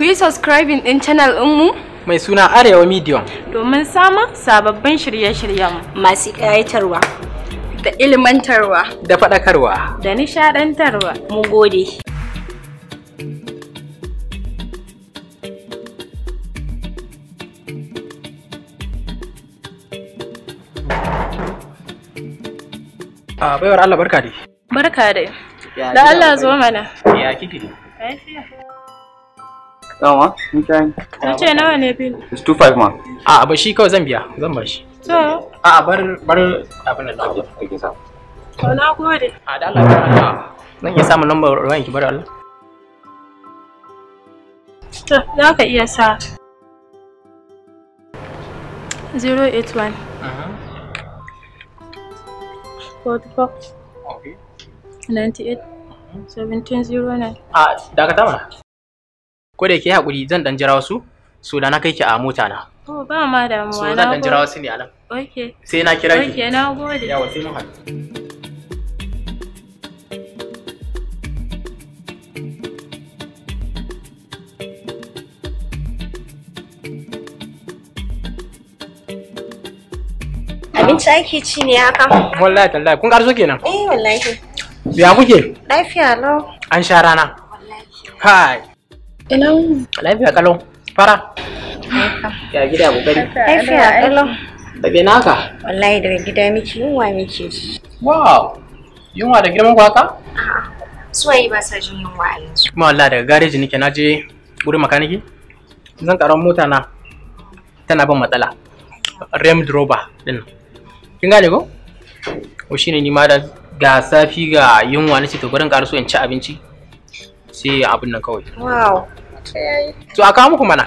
ku yi subscribing din channel mu mai suna arewa medium domin samun sababbin shirye-shiryen masu ƙayatarwa da ilimantarwa da faɗakarwa da nishaɗantarwa mu gode A baiwar Allah barka dai. Barka dai. Da Allah zo mana. Ya kike? Lafiya. Nawa? Mutane. ce nawa ne bin? 25 ma. A ba shi kawai zan biya, zan ba shi. To. A bar bar abin da nawa. Kike sa. To na gode. A da Allah barka. Zan iya samun lambar ruwan ki bar Allah. To, za ka iya sa 081 44 okay 98 mana ko da yake hakuri zan ɗan jira wasu da na kai ki a mota na ba ma damuwa zan ne a nan sai na kira ki okay na gode yawa sai mun haɗu abinci ake ci ne haka wallahi tallahi kun karso kenan eh wallahi ya kuke lafiya lo. an sha rana kai ina lafiya kalau fara ya gida kokari lafiya kalau babe naka wallahi daga gida miki yunwa miki wow yunwa da girman ku haka a'a suwaye ba sa jin yunwa a yanzu kuma wallahi daga gareji nake na je gurin makaniki zan karon mota na tana bin matsala rem droba din kin gane ko ko shine ni ma da ga safi ga yunwa nace to gurin karaso in ci abinci sai abin nan kawai wow to a kawo muku mana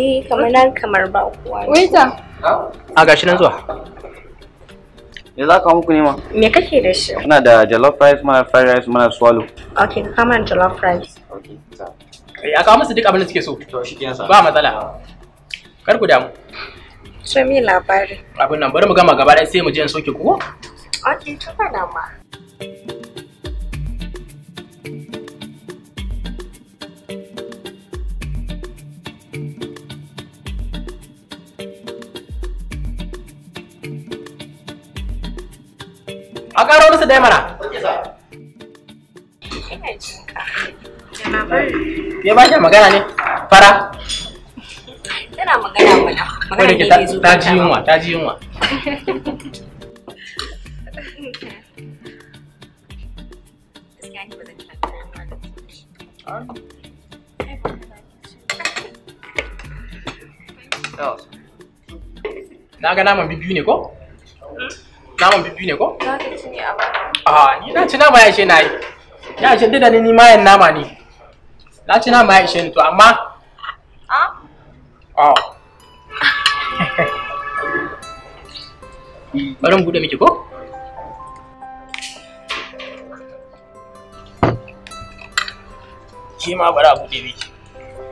eh kamar nan kamar ba kuwa ta. a gashi nan zuwa me za ka muku nema me kake da shi ina da jollof rice mana fried rice mana swallow okay kama jollof rice okay eh, a kawo musu duk abin da suke so to shi kenan ba matsala kar ku damu ce mi labari abin nan bari mu gama gaba ɗaya sai mu je in soke ku ok to ba ma A ƙaro musu dai mana. Me ba magana ne? Fara. Tana magana mana. Wadda ke ta ji ta ji yunwa. ga naman bibiyu ne ko? Naman bibiyu ne ko? Za ka ci ne a ba. ni na ci nama ya ce na yi. Ya ce dida ni ma yan nama ne. Na ci nama ya ce to amma. A? Ah? A. Ah. bari mu bude miki ko shi ma bari a bude miki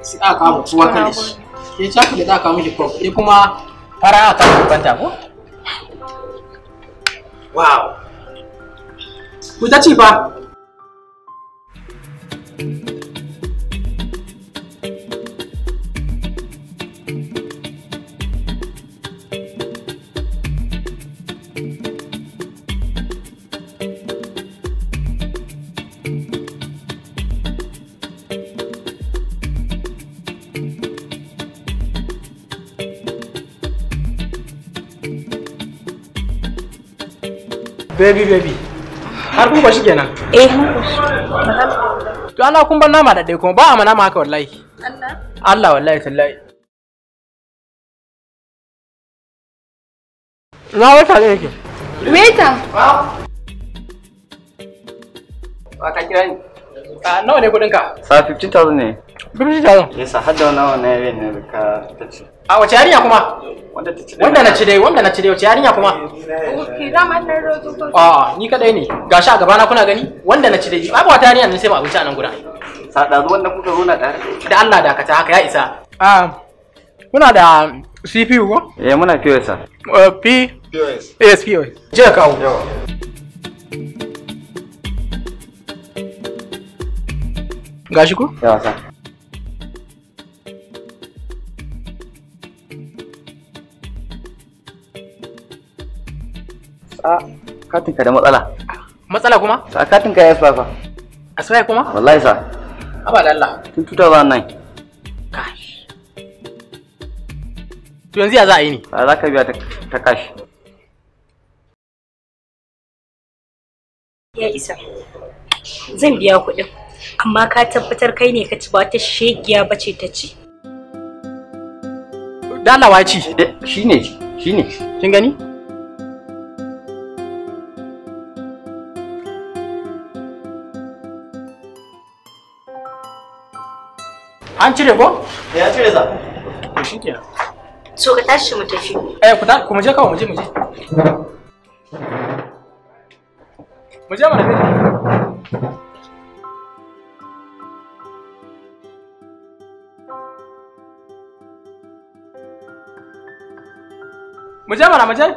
sai aka kama kowa kamu shi ke chocolate aka kama miki pop ke kuma fara aka kama banta wow Kita cipah. baby baby har kun shi kenan eh to Allah kun ban nama da dai kuma ba a ma haka wallahi Allah Allah wallahi tallahi na wata ne yake weta wa ka kira ni ah, nawa ne kudin ka sa 15000 ne 15000 yasa har nawa ne ka tace a wace yarinya kuma wanda na ci dai wanda na ci dai wace yarinya kuma a ni kadai ne gashi a gaba na kuna gani wanda na ci dai babu wata yarinya ne sai ba abinci a nan guda sada wanda da kuka zo na tare da Allah da kata haka ya isa a kuna da CPU ko eh muna POS sa P POS eh, yes POS je ka kawo gashi ku? yawa sa a katin ka da matsala matsala kuma a katin ka ya sa fa a sai kuma wallahi sa aba da Allah tun 2009 kash to yanzu ya za a yi ni a za ka biya ta kash ya isa zan biya kuɗin amma ka tabbatar kai ne ka ci ba ta shegiya ba ce ta ci dalawa ci eh, shine shine kin gani an cire ko ya cire sa. to shikenan so ka tashi mu tafi eh ku ta ku mu je kawai mu je mu je mu je mana kai mu je mana mu je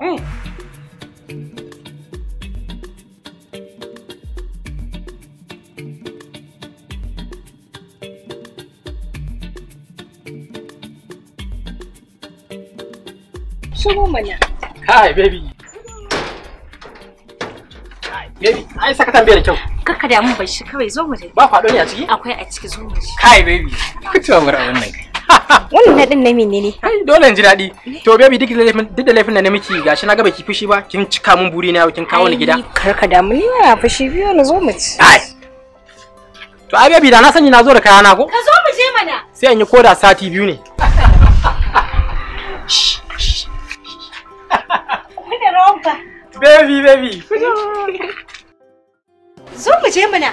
うん Shigo mana. Hi baby. Baby, ai saka tambayar kyau. Kakka damu bai shi kawai zo mu dai. Ba faɗo ne a ciki? Akwai a ciki zo mu. Kai, baby. mura wannan wannan din na mene ne ai dole in ji dadi to baby duk da laifin duk da laifin da na miki gashi na ga baki fushi ba kin cika mun buri na kin kawo ni gida karka da ni na fushi biyo na zo mu ci ai to ai baby da na sani na zo da kaya na ko ka zo mu je mana sai an yi koda sati biyu ne Kuna rompa. Baby, baby. Zo mu je mana.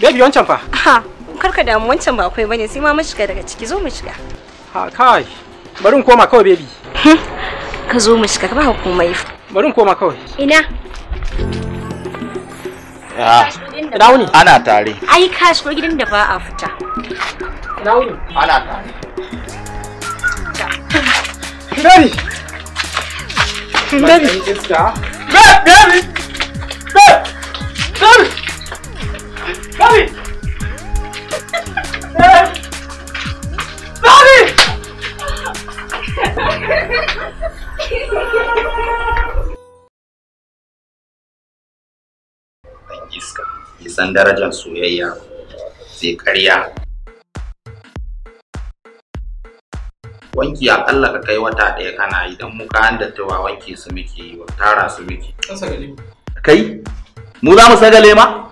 Baby wancan fa. Aha. karka damu wancan ba akwai bane sai ma mu shiga daga ciki zo mu shiga ha kai bari in koma kawai baby ka zo mu shiga ka ba komai bari in koma kawai ina ina wuni ana tare ai ka shigo gidan da ba a fita ina wuni ana tare Baby! Baby! Baby! Baby! Baby! Baby! iska isan darajar soyayya sai karya wanki akalla ka kai wata ɗaya kana idan muka an dattawa wanki su muke wa tara su muke kai mu za mu sagale ma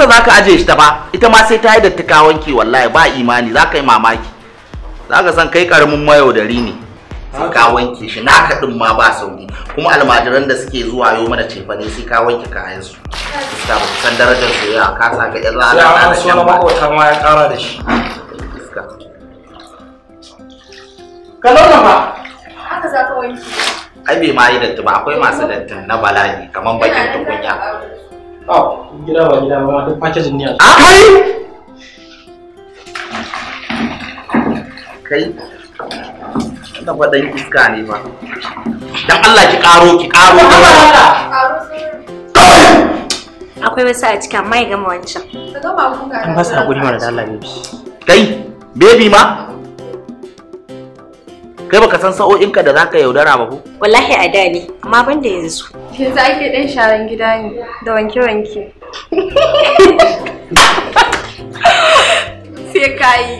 ƙasa za ka ajiye shi ta ba ita ma sai ta yi da wanki wallahi ba imani za ka yi mamaki za ka san kai karamin mayaudari ne sai ka wanke shi na ɗin ma ba sauri kuma almajiran da suke zuwa yau mana cefa ne sai ka wanke kayan su iska ba san darajar su ya ka sa ka ƴan da shan ba ya ƙara da shi iska ka nuna ba haka za ka ai bai ma yi datti ba akwai masu dattin na bala'i kamar bakin tukunya gida ba gida ba kai kai iska ne Allah ki karo ki karo akwai wasu a cikin mai gama wancan an ba su hakuri mana da Allah ne kai baby ma kai baka san sa'o'inka da zaka yaudara ba ko wallahi a da ne amma ban da yanzu Kin za ake ɗan sharan gida ne da wanke-wanke. Sai ka yi.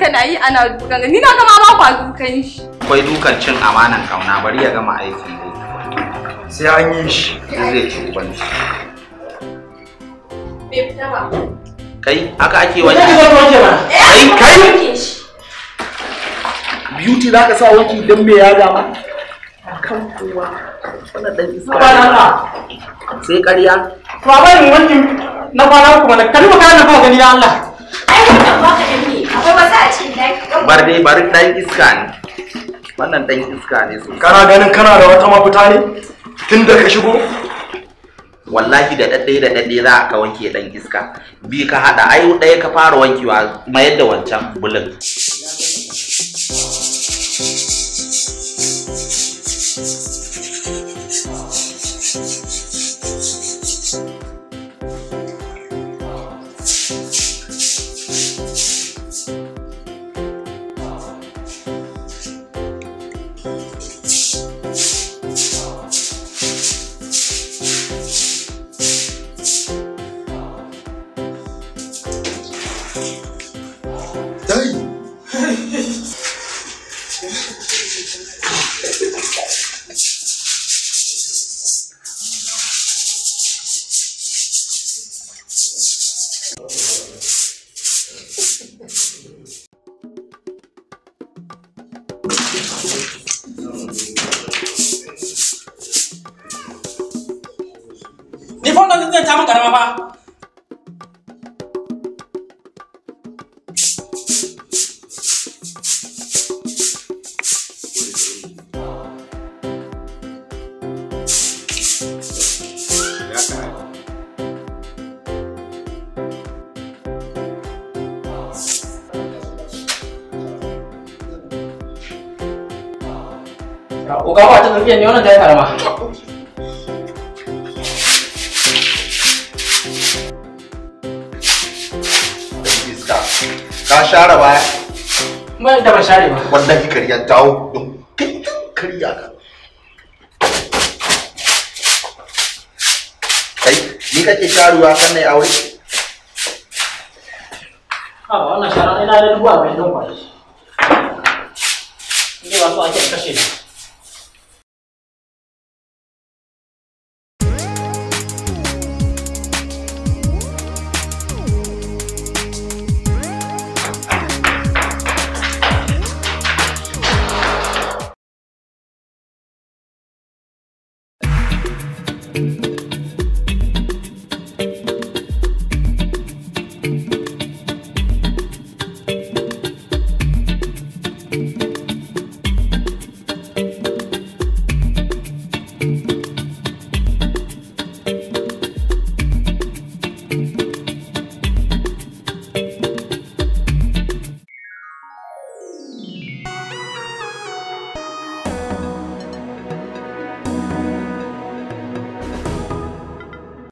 Kana yi ana dukan ni na gama ma kwa dukan shi. Akwai dukan cin amanan kauna bari ya gama aiki dai. Sai an yi shi zai ci uban Bai fita ba. Kai haka ake wani. Kai kai. Beauty za ka sa wanki don me ya gama. kan kowa wani ɗan iska sai ƙarya to a bari wani na kwana kuma na kari maka na fara gani ya Allah ai wannan baka da ni akwai wata a cikin dai bar dai bar ɗan iska ne wannan ɗan iska ne su kana ganin kana da wata mafita ne tun da ka shigo wallahi da ɗaɗɗe da ɗaɗɗe za ka wanke ɗan iska bi ka haɗa ai ɗaya ka fara wankewa mayar da wancan bulin 我搞完这个，你又能摘开了吗？ka share baya mai da ba share ba wallahi kariya dawo don kariya ka kai ni kake sharuwa kan nai aure ha wannan shara ina da duba mai don kwashi ni ba so ake kashe ne.